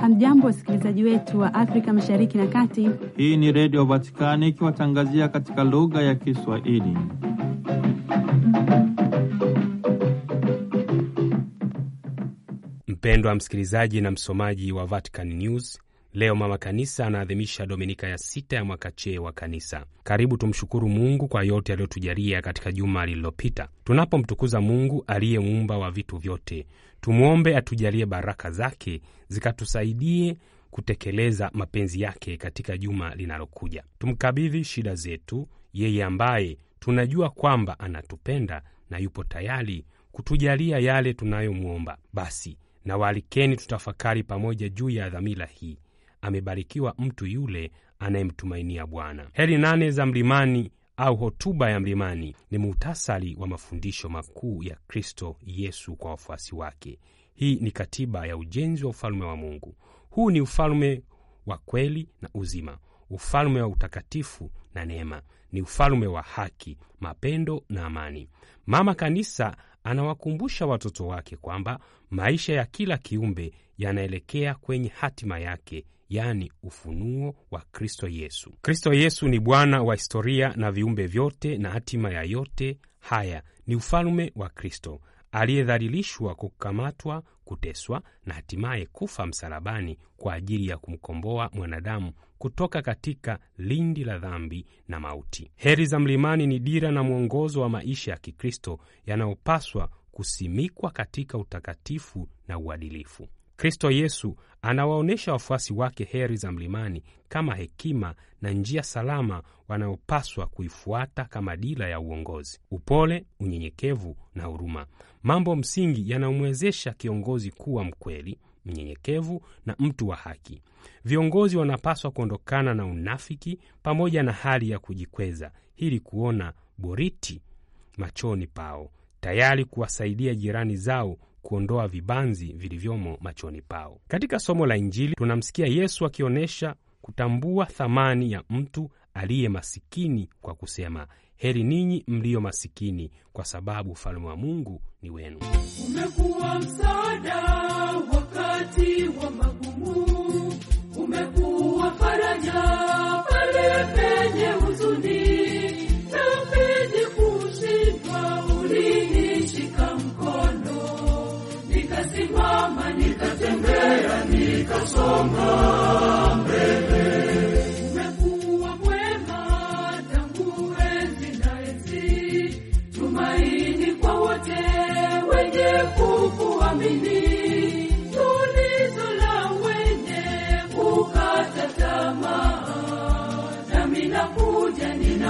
Hamjambo, wasikilizaji wetu wa Afrika mashariki na kati. Hii ni Redio Vatikani ikiwatangazia katika lugha ya Kiswahili. Mpendwa msikilizaji na msomaji wa Vatican News, Leo mama kanisa anaadhimisha dominika ya sita ya mwaka C wa kanisa. Karibu tumshukuru Mungu kwa yote aliyotujalia katika juma lililopita. Tunapomtukuza Mungu aliye muumba wa vitu vyote, tumwombe atujalie baraka zake zikatusaidie kutekeleza mapenzi yake katika juma linalokuja. Tumkabidhi shida zetu yeye ambaye tunajua kwamba anatupenda na yupo tayari kutujalia yale tunayomwomba. Basi nawalikeni tutafakari pamoja juu ya dhamira hii amebarikiwa mtu yule anayemtumainia Bwana. Heri nane za mlimani au hotuba ya mlimani ni muhtasari wa mafundisho makuu ya Kristo Yesu kwa wafuasi wake. Hii ni katiba ya ujenzi wa ufalme wa Mungu. Huu ni ufalme wa kweli na uzima, ufalme wa utakatifu na neema, ni ufalme wa haki, mapendo na amani. Mama Kanisa anawakumbusha watoto wake kwamba maisha ya kila kiumbe yanaelekea kwenye hatima yake yaani ufunuo wa Kristo Yesu. Kristo Yesu ni Bwana wa historia na viumbe vyote, na hatima ya yote haya ni ufalme wa Kristo aliyedhalilishwa, kukamatwa, kuteswa na hatimaye kufa msalabani kwa ajili ya kumkomboa mwanadamu kutoka katika lindi la dhambi na mauti. Heri za Mlimani ni dira na mwongozo wa maisha ya Kikristo yanayopaswa kusimikwa katika utakatifu na uadilifu. Kristo Yesu anawaonyesha wafuasi wake heri za mlimani kama hekima na njia salama wanayopaswa kuifuata kama dira ya uongozi, upole, unyenyekevu na huruma, mambo msingi yanayomwezesha kiongozi kuwa mkweli, mnyenyekevu na mtu wa haki. Viongozi wanapaswa kuondokana na unafiki pamoja na hali ya kujikweza, ili kuona boriti machoni pao, tayari kuwasaidia jirani zao kuondoa vibanzi vilivyomo machoni pao. Katika somo la Injili tunamsikia Yesu akionyesha kutambua thamani ya mtu aliye masikini kwa kusema, heri ninyi mliyo masikini, kwa sababu ufalme wa Mungu ni wenu. Umekuwa msaada wakati wa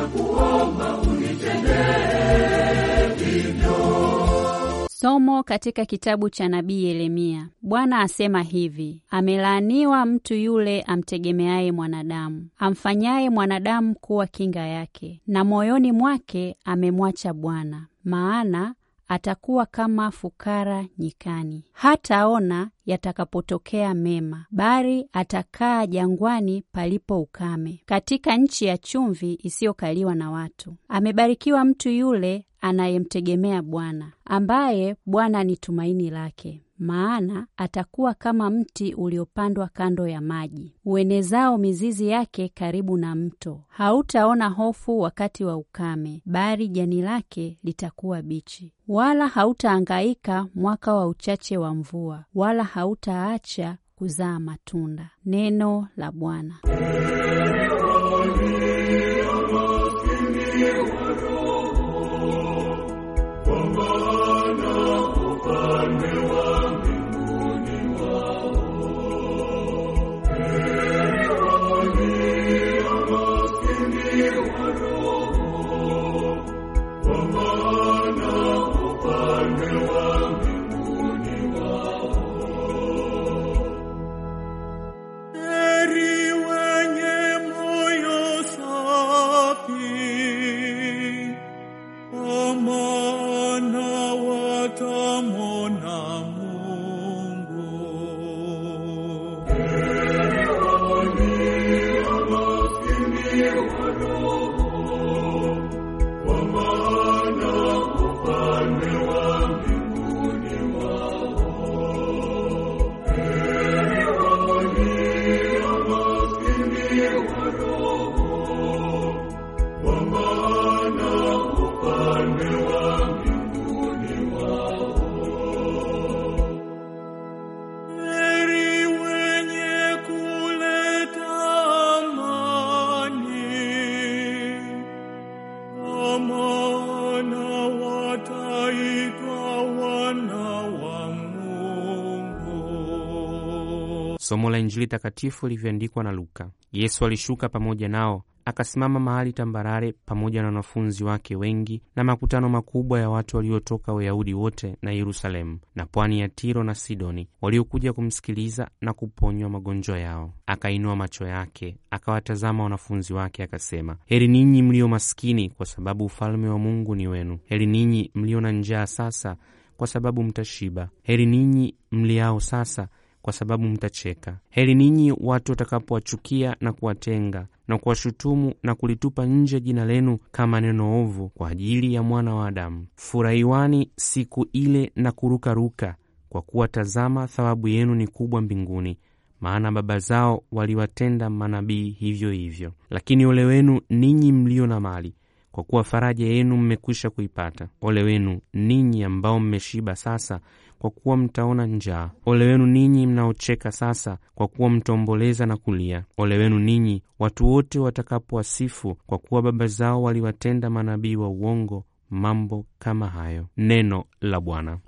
ninakuomba unitendee hivyo. Somo katika kitabu cha nabii Yeremia. Bwana asema hivi: amelaaniwa mtu yule amtegemeaye mwanadamu, amfanyaye mwanadamu kuwa kinga yake, na moyoni mwake amemwacha Bwana, maana atakuwa kama fukara nyikani, hataona yatakapotokea mema, bali atakaa jangwani palipo ukame, katika nchi ya chumvi isiyokaliwa na watu. Amebarikiwa mtu yule anayemtegemea Bwana, ambaye Bwana ni tumaini lake maana atakuwa kama mti uliopandwa kando ya maji, uenezao mizizi yake karibu na mto. Hautaona hofu wakati wa ukame, bali jani lake litakuwa bichi, wala hautaangaika mwaka wa uchache wa mvua, wala hautaacha kuzaa matunda. Neno la Bwana. Somo la Injili takatifu lilivyoandikwa na Luka. Yesu alishuka pamoja nao akasimama mahali tambarare pamoja na wanafunzi wake wengi na makutano makubwa ya watu waliotoka Wayahudi wote na Yerusalemu na pwani ya Tiro na Sidoni, waliokuja kumsikiliza na kuponywa magonjwa yao. Akainua macho yake akawatazama wanafunzi wake, akasema, heri ninyi mlio maskini, kwa sababu ufalme wa Mungu ni wenu. Heri ninyi mlio na njaa sasa, kwa sababu mtashiba. Heri ninyi mliao sasa kwa sababu mtacheka. Heri ninyi watu watakapowachukia na kuwatenga na kuwashutumu na kulitupa nje jina lenu kama neno ovu kwa ajili ya mwana wa Adamu. Furahiwani siku ile na kurukaruka, kwa kuwa tazama, thawabu yenu ni kubwa mbinguni, maana baba zao waliwatenda manabii hivyo hivyo. Lakini ole wenu ninyi mlio na mali, kwa kuwa faraja yenu mmekwisha kuipata. Ole wenu ninyi ambao mmeshiba sasa kwa kuwa mtaona njaa. Ole wenu ninyi mnaocheka sasa, kwa kuwa mtaomboleza na kulia. Ole wenu ninyi watu wote watakapowasifu, kwa kuwa baba zao waliwatenda manabii wa uongo mambo kama hayo. Neno la Bwana.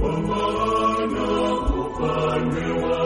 Wamana my wa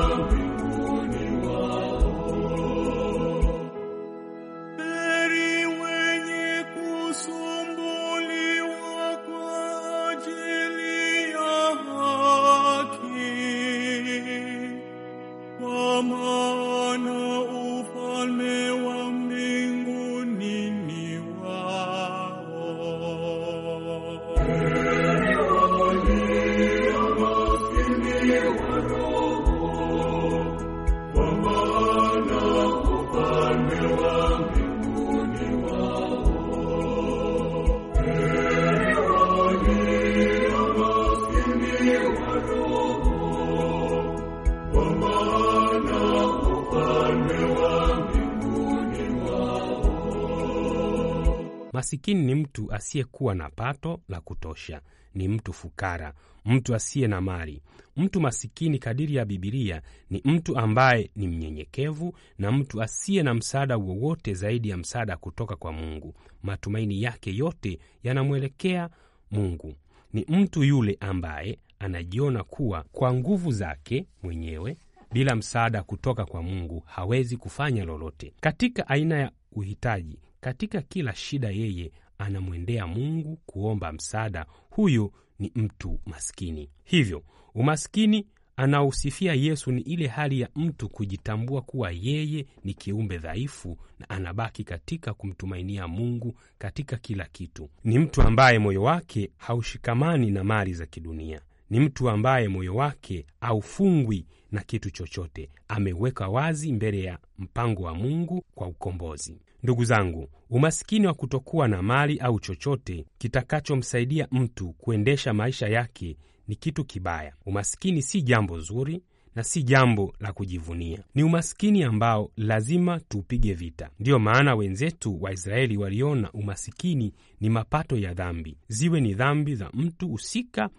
Masikini ni mtu asiyekuwa na pato la kutosha, ni mtu fukara, mtu asiye na mali. Mtu masikini kadiri ya Bibilia ni mtu ambaye ni mnyenyekevu na mtu asiye na msaada wowote zaidi ya msaada kutoka kwa Mungu. Matumaini yake yote yanamwelekea Mungu. Ni mtu yule ambaye anajiona kuwa kwa nguvu zake mwenyewe bila msaada kutoka kwa Mungu hawezi kufanya lolote. Katika aina ya uhitaji katika kila shida, yeye anamwendea Mungu kuomba msaada. Huyu ni mtu maskini. Hivyo umaskini anaosifia Yesu ni ile hali ya mtu kujitambua kuwa yeye ni kiumbe dhaifu na anabaki katika kumtumainia Mungu katika kila kitu. Ni mtu ambaye moyo wake haushikamani na mali za kidunia ni mtu ambaye moyo wake haufungwi na kitu chochote, ameweka wazi mbele ya mpango wa Mungu kwa ukombozi. Ndugu zangu, umasikini wa kutokuwa na mali au chochote kitakachomsaidia mtu kuendesha maisha yake ni kitu kibaya. Umasikini si jambo zuri na si jambo la kujivunia. Ni umasikini ambao lazima tuupige vita. Ndiyo maana wenzetu Waisraeli waliona umasikini ni mapato ya dhambi, ziwe ni dhambi za mtu husika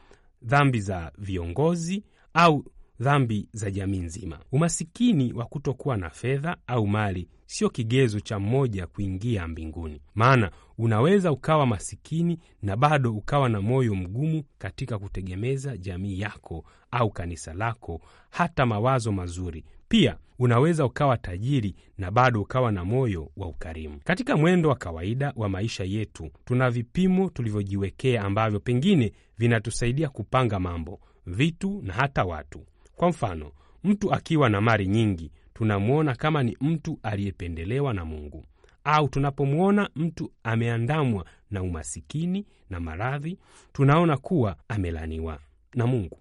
dhambi za viongozi au dhambi za jamii nzima. Umasikini wa kutokuwa na fedha au mali sio kigezo cha mmoja kuingia mbinguni, maana unaweza ukawa masikini na bado ukawa na moyo mgumu katika kutegemeza jamii yako au kanisa lako, hata mawazo mazuri. Pia unaweza ukawa tajiri na bado ukawa na moyo wa ukarimu. Katika mwendo wa kawaida wa maisha yetu, tuna vipimo tulivyojiwekea ambavyo pengine vinatusaidia kupanga mambo, vitu na hata watu. Kwa mfano, mtu akiwa na mali nyingi tunamwona kama ni mtu aliyependelewa na Mungu, au tunapomwona mtu ameandamwa na umasikini na maradhi, tunaona kuwa amelaniwa na Mungu.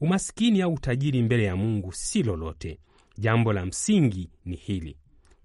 Umasikini au utajiri mbele ya Mungu si lolote. Jambo la msingi ni hili: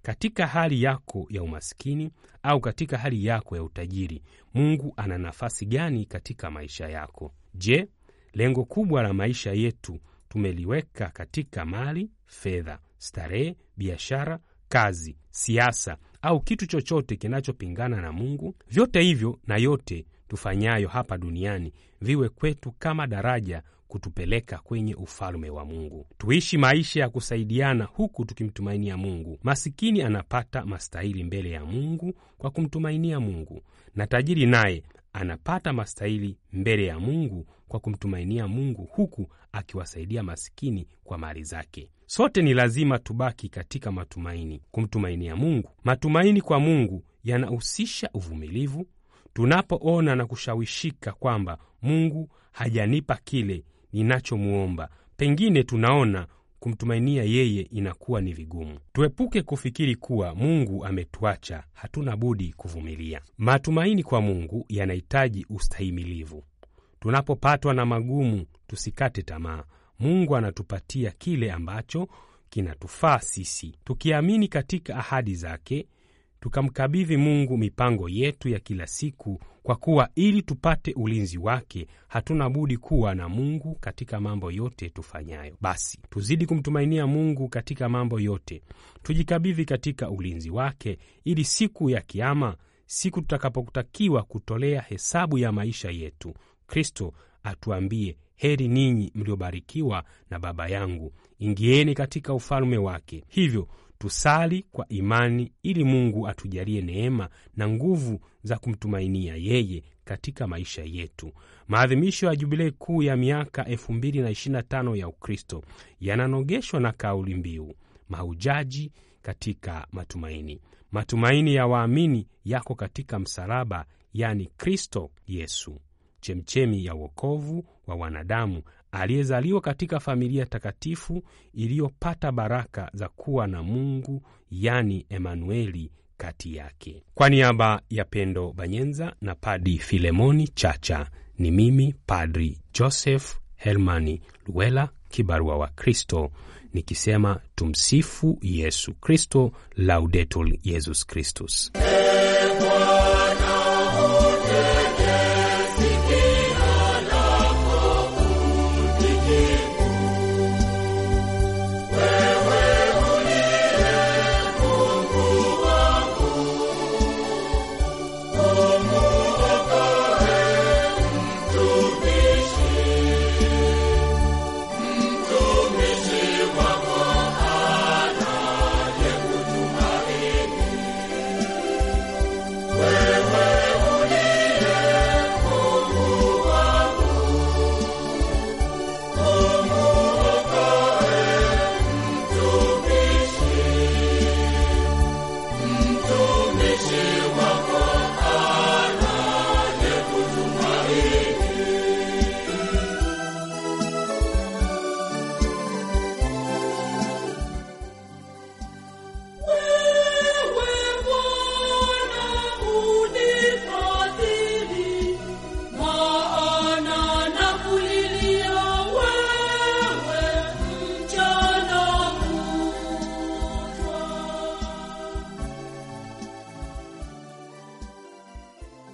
katika hali yako ya umasikini au katika hali yako ya utajiri, Mungu ana nafasi gani katika maisha yako? Je, lengo kubwa la maisha yetu tumeliweka katika mali, fedha starehe, biashara, kazi, siasa au kitu chochote kinachopingana na Mungu. Vyote hivyo na yote tufanyayo hapa duniani viwe kwetu kama daraja kutupeleka kwenye ufalme wa Mungu. Tuishi maisha ya kusaidiana huku tukimtumainia Mungu. Masikini anapata mastahili mbele ya Mungu kwa kumtumainia Mungu, na tajiri naye anapata mastahili mbele ya Mungu kwa kumtumainia Mungu huku akiwasaidia masikini kwa mali zake. Sote ni lazima tubaki katika matumaini, kumtumainia Mungu. Matumaini kwa Mungu yanahusisha uvumilivu. Tunapoona na kushawishika kwamba Mungu hajanipa kile ninachomwomba, pengine tunaona kumtumainia yeye inakuwa ni vigumu. Tuepuke kufikiri kuwa Mungu ametuacha, hatuna budi kuvumilia. Matumaini kwa Mungu yanahitaji ustahimilivu. Tunapopatwa na magumu, tusikate tamaa. Mungu anatupatia kile ambacho kinatufaa sisi, tukiamini katika ahadi zake, tukamkabidhi Mungu mipango yetu ya kila siku, kwa kuwa ili tupate ulinzi wake hatuna budi kuwa na Mungu katika mambo yote tufanyayo. Basi tuzidi kumtumainia Mungu katika mambo yote, tujikabidhi katika ulinzi wake, ili siku ya Kiama, siku tutakapotakiwa kutolea hesabu ya maisha yetu, Kristo atuambie, heri ninyi mliobarikiwa na Baba yangu, ingieni katika ufalme wake. Hivyo tusali kwa imani ili Mungu atujalie neema na nguvu za kumtumainia yeye katika maisha yetu. Maadhimisho ya Jubilei kuu ya miaka 2025 ya Ukristo yananogeshwa na kauli mbiu mahujaji katika matumaini. Matumaini ya waamini yako katika msalaba, yani Kristo Yesu chemchemi ya wokovu wa wanadamu, aliyezaliwa katika familia takatifu iliyopata baraka za kuwa na Mungu, yani Emanueli kati yake. Kwa niaba ya Pendo Banyenza na Padi Filemoni Chacha, ni mimi Padri Joseph Hermani Luela, kibarua wa Kristo, nikisema tumsifu Yesu Kristo, Laudetul Yesus Kristus.